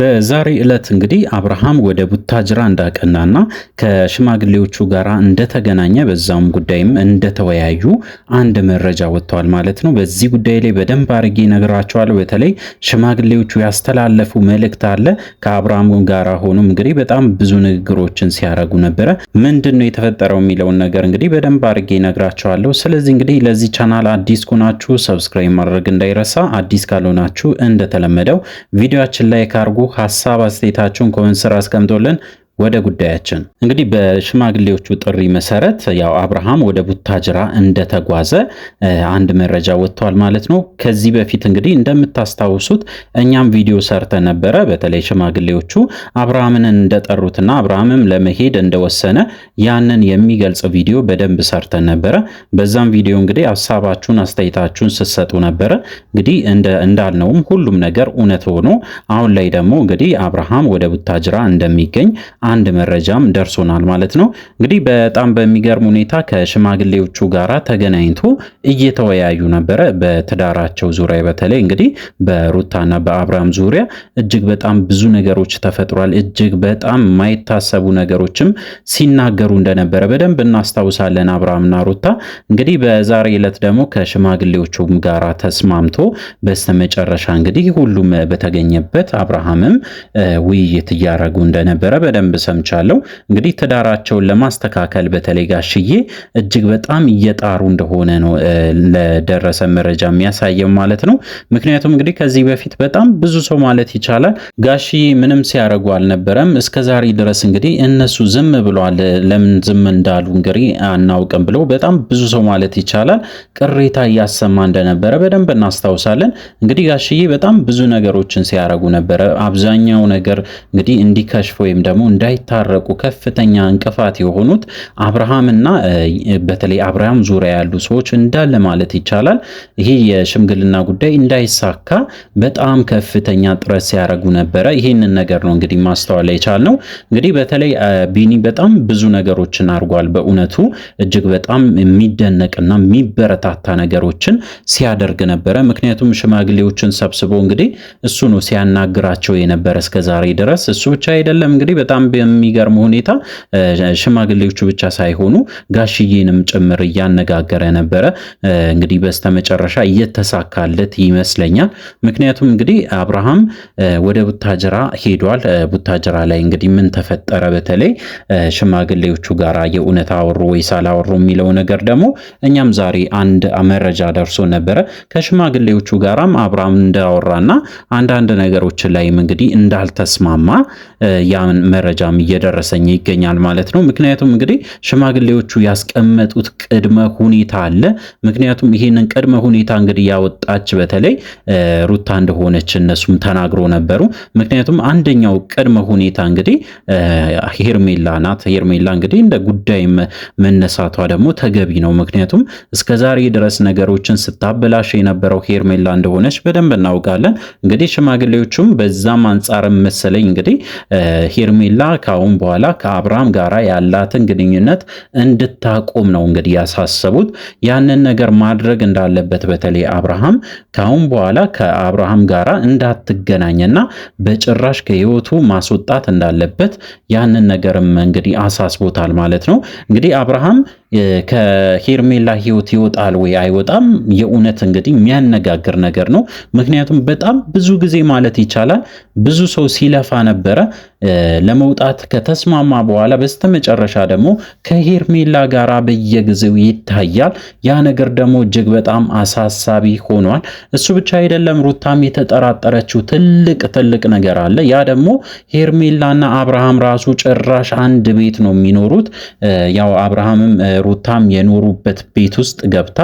በዛሬ ዕለት እንግዲህ አብርሃም ወደ ቡታጅራ እንዳቀናና ከሽማግሌዎቹ ጋር እንደተገናኘ በዛውም ጉዳይም እንደተወያዩ አንድ መረጃ ወጥተዋል ማለት ነው። በዚህ ጉዳይ ላይ በደንብ አድርጌ እነግራቸዋለሁ። በተለይ ሽማግሌዎቹ ያስተላለፉ መልእክት አለ። ከአብርሃም ጋር ሆኖም እንግዲህ በጣም ብዙ ንግግሮችን ሲያረጉ ነበረ። ምንድን ነው የተፈጠረው የሚለውን ነገር እንግዲህ በደንብ አድርጌ ነግራቸዋለሁ። ስለዚህ እንግዲህ ለዚህ ቻናል አዲስ ከሆናችሁ ሰብስክራይብ ማድረግ እንዳይረሳ፣ አዲስ ካልሆናችሁ እንደተለመደው ቪዲዮችን ላይ ካርጎ ሀሳብ አስተያየታችሁን ኮመንት ስራ አስቀምጦልን ወደ ጉዳያችን እንግዲህ በሽማግሌዎቹ ጥሪ መሰረት ያው አብርሃም ወደ ቡታጅራ እንደተጓዘ አንድ መረጃ ወጥቷል ማለት ነው። ከዚህ በፊት እንግዲህ እንደምታስታውሱት እኛም ቪዲዮ ሰርተ ነበረ። በተለይ ሽማግሌዎቹ አብርሃምን እንደጠሩትና አብርሃምም ለመሄድ እንደወሰነ ያንን የሚገልጽ ቪዲዮ በደንብ ሰርተን ነበረ። በዛም ቪዲዮ እንግዲህ ሀሳባችሁን፣ አስተያየታችሁን ስትሰጡ ነበረ። እንግዲህ እንዳልነውም ሁሉም ነገር እውነት ሆኖ አሁን ላይ ደግሞ እንግዲህ አብርሃም ወደ ቡታጅራ እንደሚገኝ አንድ መረጃም ደርሶናል ማለት ነው። እንግዲህ በጣም በሚገርም ሁኔታ ከሽማግሌዎቹ ጋራ ተገናኝቶ እየተወያዩ ነበረ። በትዳራቸው ዙሪያ በተለይ እንግዲህ በሩታና በአብርሃም ዙሪያ እጅግ በጣም ብዙ ነገሮች ተፈጥሯል። እጅግ በጣም የማይታሰቡ ነገሮችም ሲናገሩ እንደነበረ በደንብ እናስታውሳለን። አብርሃምና ሩታ እንግዲህ በዛሬ ዕለት ደግሞ ከሽማግሌዎቹም ጋራ ተስማምቶ በስተመጨረሻ እንግዲህ ሁሉም በተገኘበት አብርሃምም ውይይት እያደረጉ እንደነበረ በደንብ በደንብ ሰምቻለሁ። እንግዲህ ትዳራቸውን ለማስተካከል በተለይ ጋሽዬ እጅግ በጣም እየጣሩ እንደሆነ ነው ለደረሰ መረጃ የሚያሳየው ማለት ነው። ምክንያቱም እንግዲህ ከዚህ በፊት በጣም ብዙ ሰው ማለት ይቻላል ጋሽዬ ምንም ሲያደርጉ አልነበረም እስከ ዛሬ ድረስ እንግዲህ እነሱ ዝም ብለዋል። ለምን ዝም እንዳሉ እንግዲህ አናውቅም ብለው በጣም ብዙ ሰው ማለት ይቻላል ቅሬታ እያሰማ እንደነበረ በደንብ እናስታውሳለን። እንግዲህ ጋሽዬ በጣም ብዙ ነገሮችን ሲያደርጉ ነበረ። አብዛኛው ነገር እንግዲህ እንዲከሽፍ ወይም ደግሞ እንደ እንዳይታረቁ ከፍተኛ እንቅፋት የሆኑት አብርሃምና በተለይ አብርሃም ዙሪያ ያሉ ሰዎች እንዳለ ማለት ይቻላል ይሄ የሽምግልና ጉዳይ እንዳይሳካ በጣም ከፍተኛ ጥረት ሲያደርጉ ነበረ። ይህንን ነገር ነው እንግዲህ ማስተዋል የቻልነው። እንግዲህ በተለይ ቢኒ በጣም ብዙ ነገሮችን አድርጓል። በእውነቱ እጅግ በጣም የሚደነቅና የሚበረታታ ነገሮችን ሲያደርግ ነበረ። ምክንያቱም ሽማግሌዎችን ሰብስቦ እንግዲህ እሱ ነው ሲያናግራቸው የነበረ እስከዛሬ ድረስ። እሱ ብቻ አይደለም እንግዲህ በጣም በሚገርም ሁኔታ ሽማግሌዎቹ ብቻ ሳይሆኑ ጋሽዬንም ጭምር እያነጋገረ ነበረ። እንግዲህ በስተመጨረሻ እየተሳካለት ይመስለኛል። ምክንያቱም እንግዲህ አብርሃም ወደ ቡታጅራ ሄዷል። ቡታጅራ ላይ እንግዲህ ምን ተፈጠረ? በተለይ ሽማግሌዎቹ ጋር የእውነት አወሩ ወይ አላወሩ የሚለው ነገር ደግሞ እኛም ዛሬ አንድ መረጃ ደርሶ ነበረ። ከሽማግሌዎቹ ጋራም አብርሃም እንዳወራና አንዳንድ ነገሮች ላይም እንግዲህ እንዳልተስማማ ያን መረጃ መረጃም እየደረሰኝ ይገኛል ማለት ነው። ምክንያቱም እንግዲህ ሽማግሌዎቹ ያስቀመጡት ቅድመ ሁኔታ አለ። ምክንያቱም ይህንን ቅድመ ሁኔታ እንግዲህ ያወጣች በተለይ ሩታ እንደሆነች እነሱም ተናግሮ ነበሩ። ምክንያቱም አንደኛው ቅድመ ሁኔታ እንግዲህ ሄርሜላ ናት። ሄርሜላ እንግዲህ እንደ ጉዳይ መነሳቷ ደግሞ ተገቢ ነው። ምክንያቱም እስከ ዛሬ ድረስ ነገሮችን ስታበላሽ የነበረው ሄርሜላ እንደሆነች በደንብ እናውቃለን። እንግዲህ ሽማግሌዎቹም በዛም አንጻርም መሰለኝ እንግዲህ ሄርሜላ ካሁን በኋላ ከአብርሃም ጋር ያላትን ግንኙነት እንድታቆም ነው እንግዲህ ያሳሰቡት። ያንን ነገር ማድረግ እንዳለበት በተለይ አብርሃም ካሁን በኋላ ከአብርሃም ጋር እንዳትገናኝና በጭራሽ ከህይወቱ ማስወጣት እንዳለበት ያንን ነገርም እንግዲህ አሳስቦታል ማለት ነው። እንግዲህ አብርሃም ከሄርሜላ ህይወት ይወጣል ወይ አይወጣም? የእውነት እንግዲህ የሚያነጋግር ነገር ነው። ምክንያቱም በጣም ብዙ ጊዜ ማለት ይቻላል ብዙ ሰው ሲለፋ ነበረ ለመውጣት ከተስማማ በኋላ በስተመጨረሻ ደግሞ ከሄርሜላ ጋር በየጊዜው ይታያል። ያ ነገር ደግሞ እጅግ በጣም አሳሳቢ ሆኗል። እሱ ብቻ አይደለም፣ ሩታም የተጠራጠረችው ትልቅ ትልቅ ነገር አለ። ያ ደግሞ ሄርሜላና አብርሃም ራሱ ጭራሽ አንድ ቤት ነው የሚኖሩት ያው አብርሃምም ሩታም የኖሩበት ቤት ውስጥ ገብታ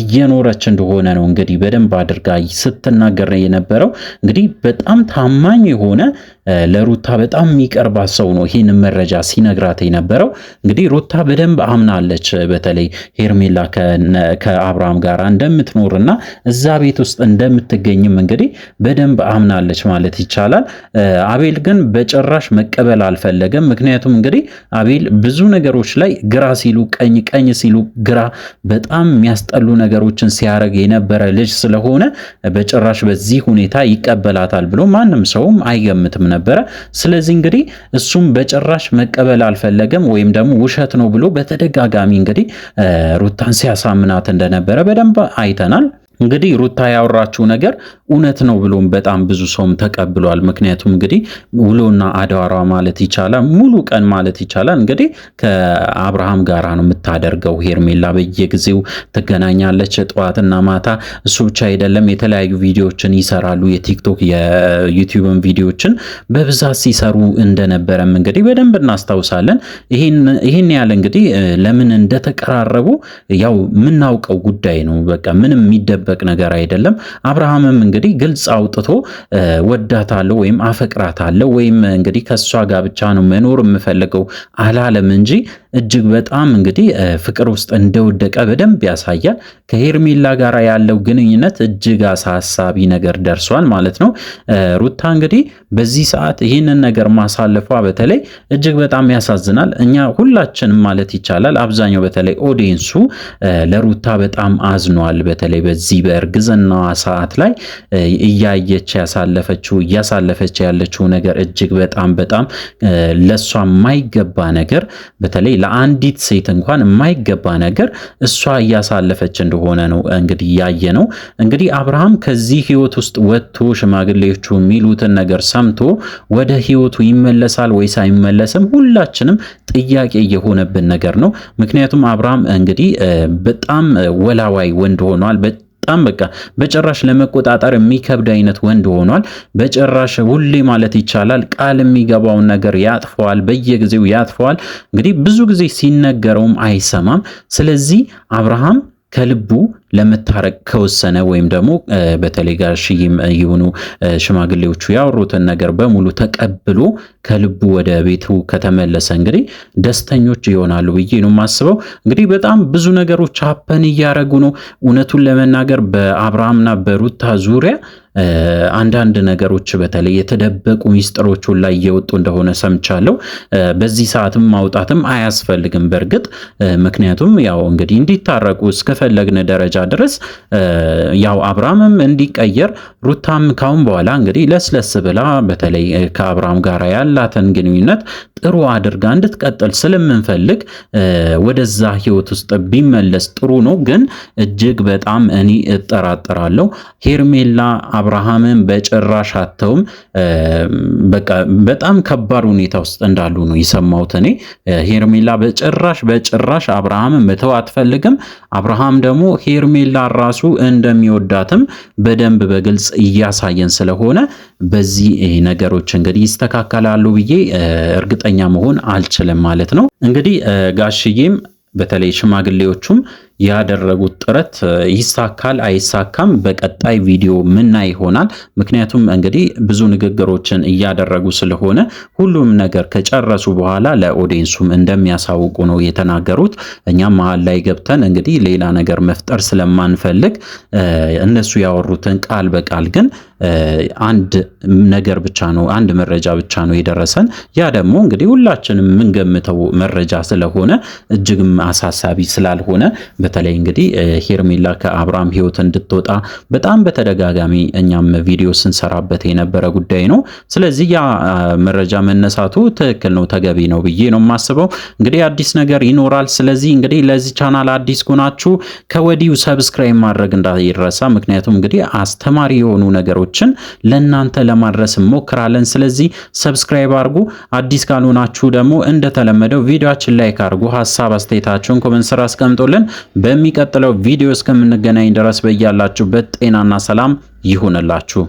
እየኖረች እንደሆነ ነው እንግዲህ በደንብ አድርጋ ስትናገር የነበረው። እንግዲህ በጣም ታማኝ የሆነ ለሩታ በጣም የሚቀርባት ሰው ነው ይህንን መረጃ ሲነግራት የነበረው። እንግዲህ ሩታ በደንብ አምናለች። በተለይ ሄርሜላ ከአብርሃም ጋር እና እዛ ቤት ውስጥ እንደምትገኝም እንግዲህ በደንብ አምናለች ማለት ይቻላል። አቤል ግን በጭራሽ መቀበል አልፈለገም። ምክንያቱም እንግዲህ አቤል ብዙ ነገሮች ላይ ግራ ሲሉ ቀኝ፣ ቀኝ ሲሉ ግራ በጣም የሚያስጠሉ ነገሮችን ሲያደርግ የነበረ ልጅ ስለሆነ በጭራሽ በዚህ ሁኔታ ይቀበላታል ብሎ ማንም ሰውም አይገምትም። ነበረ። ስለዚህ እንግዲህ እሱም በጭራሽ መቀበል አልፈለገም፣ ወይም ደግሞ ውሸት ነው ብሎ በተደጋጋሚ እንግዲህ ሩታን ሲያሳምናት እንደነበረ በደንብ አይተናል። እንግዲህ ሩታ ያወራችው ነገር እውነት ነው ብሎም በጣም ብዙ ሰውም ተቀብሏል። ምክንያቱም እንግዲህ ውሎና አድዋሯ ማለት ይቻላል ሙሉ ቀን ማለት ይቻላል እንግዲህ ከአብርሃም ጋር ነው የምታደርገው ሄርሜላ። በየጊዜው ትገናኛለች ጠዋትና ማታ። እሱ ብቻ አይደለም የተለያዩ ቪዲዮዎችን ይሰራሉ። የቲክቶክ የዩቲዩብን ቪዲዮዎችን በብዛት ሲሰሩ እንደነበረም እንግዲህ በደንብ እናስታውሳለን። ይህን ያለ እንግዲህ ለምን እንደተቀራረቡ ያው የምናውቀው ጉዳይ ነው። በቃ ምንም የሚደበቅ ነገር አይደለም። አብርሃምም እንግዲህ ግልጽ አውጥቶ ወዳታለሁ ወይም አፈቅራታለሁ ወይም እንግዲህ ከእሷ ጋር ብቻ ነው መኖር የምፈልገው አላለም እንጂ እጅግ በጣም እንግዲህ ፍቅር ውስጥ እንደወደቀ በደንብ ያሳያል። ከሄርሜላ ጋር ያለው ግንኙነት እጅግ አሳሳቢ ነገር ደርሷል ማለት ነው። ሩታ እንግዲህ በዚህ ሰዓት ይህንን ነገር ማሳለፏ በተለይ እጅግ በጣም ያሳዝናል። እኛ ሁላችንም ማለት ይቻላል አብዛኛው በተለይ ኦዲየንሱ ለሩታ በጣም አዝኗል። በተለይ በዚህ በእርግዝናዋ ሰዓት ላይ እያየች ያሳለፈችው እያሳለፈች ያለችው ነገር እጅግ በጣም በጣም ለእሷ የማይገባ ነገር በተለይ ለአንዲት ሴት እንኳን የማይገባ ነገር እሷ እያሳለፈች እንደሆነ ነው እንግዲህ ያየ ነው። እንግዲህ አብርሃም ከዚህ ህይወት ውስጥ ወጥቶ ሽማግሌዎቹ የሚሉትን ነገር ሰምቶ ወደ ህይወቱ ይመለሳል ወይስ አይመለስም? ሁላችንም ጥያቄ የሆነብን ነገር ነው። ምክንያቱም አብርሃም እንግዲህ በጣም ወላዋይ ወንድ ሆኗል። በጣም በቃ በጭራሽ ለመቆጣጠር የሚከብድ አይነት ወንድ ሆኗል። በጭራሽ ሁሌ ማለት ይቻላል ቃል የሚገባውን ነገር ያጥፈዋል፣ በየጊዜው ያጥፈዋል። እንግዲህ ብዙ ጊዜ ሲነገረውም አይሰማም። ስለዚህ አብርሃም ከልቡ ለመታረቅ ከወሰነ ወይም ደግሞ በተለይ ጋሽዬም የሆኑ ሽማግሌዎቹ ያወሩትን ነገር በሙሉ ተቀብሎ ከልቡ ወደ ቤቱ ከተመለሰ እንግዲህ ደስተኞች ይሆናሉ ብዬ ነው የማስበው። እንግዲህ በጣም ብዙ ነገሮች ሀፐን እያደረጉ ነው። እውነቱን ለመናገር በአብርሃምና በሩታ ዙሪያ አንዳንድ ነገሮች በተለይ የተደበቁ ሚስጥሮች ሁላ እየወጡ እንደሆነ ሰምቻለሁ። በዚህ ሰዓትም ማውጣትም አያስፈልግም በእርግጥ ምክንያቱም ያው እንግዲህ እንዲታረቁ እስከፈለግን ደረጃ ድረስ ያው አብርሃምም እንዲቀየር ሩታም ካሁን በኋላ እንግዲህ ለስለስ ብላ በተለይ ከአብርሃም ጋር ያላትን ግንኙነት ጥሩ አድርጋ እንድትቀጥል ስለምንፈልግ ወደዛ ህይወት ውስጥ ቢመለስ ጥሩ ነው። ግን እጅግ በጣም እኔ እጠራጠራለሁ ሄርሜላ አብርሃምን በጭራሽ አተውም። በቃ በጣም ከባድ ሁኔታ ውስጥ እንዳሉ ነው የሰማሁት እኔ። ሄርሜላ በጭራሽ በጭራሽ አብርሃምን መተው አትፈልግም። አብርሃም ደግሞ ሄርሜላ ራሱ እንደሚወዳትም በደንብ በግልጽ እያሳየን ስለሆነ በዚህ ነገሮች እንግዲህ ይስተካከላሉ ብዬ እርግጠኛ መሆን አልችልም ማለት ነው። እንግዲህ ጋሽዬም በተለይ ሽማግሌዎቹም ያደረጉት ጥረት ይሳካል አይሳካም በቀጣይ ቪዲዮ ምና ይሆናል። ምክንያቱም እንግዲህ ብዙ ንግግሮችን እያደረጉ ስለሆነ ሁሉም ነገር ከጨረሱ በኋላ ለኦዲየንሱም እንደሚያሳውቁ ነው የተናገሩት። እኛም መሀል ላይ ገብተን እንግዲህ ሌላ ነገር መፍጠር ስለማንፈልግ እነሱ ያወሩትን ቃል በቃል ግን አንድ ነገር ብቻ ነው፣ አንድ መረጃ ብቻ ነው የደረሰን። ያ ደግሞ እንግዲህ ሁላችንም የምንገምተው መረጃ ስለሆነ እጅግም አሳሳቢ ስላልሆነ በተለይ እንግዲህ ሄርሜላ ከአብርሃም ሕይወት እንድትወጣ በጣም በተደጋጋሚ እኛም ቪዲዮ ስንሰራበት የነበረ ጉዳይ ነው። ስለዚህ ያ መረጃ መነሳቱ ትክክል ነው፣ ተገቢ ነው ብዬ ነው የማስበው። እንግዲህ አዲስ ነገር ይኖራል። ስለዚህ እንግዲህ ለዚህ ቻናል አዲስ ከሆናችሁ ከወዲሁ ሰብስክራይብ ማድረግ እንዳይረሳ። ምክንያቱም እንግዲህ አስተማሪ የሆኑ ነገሮች መረጃዎችን ለእናንተ ለማድረስ ሞክራለን። ስለዚህ ሰብስክራይብ አድርጉ። አዲስ ካልሆናችሁ ደግሞ እንደተለመደው ቪዲዮችን ላይክ አድርጉ። ሀሳብ አስተያየታችሁን ኮመንት ስራ አስቀምጦልን። በሚቀጥለው ቪዲዮ እስከምንገናኝ ድረስ በያላችሁበት ጤናና ሰላም ይሁንላችሁ።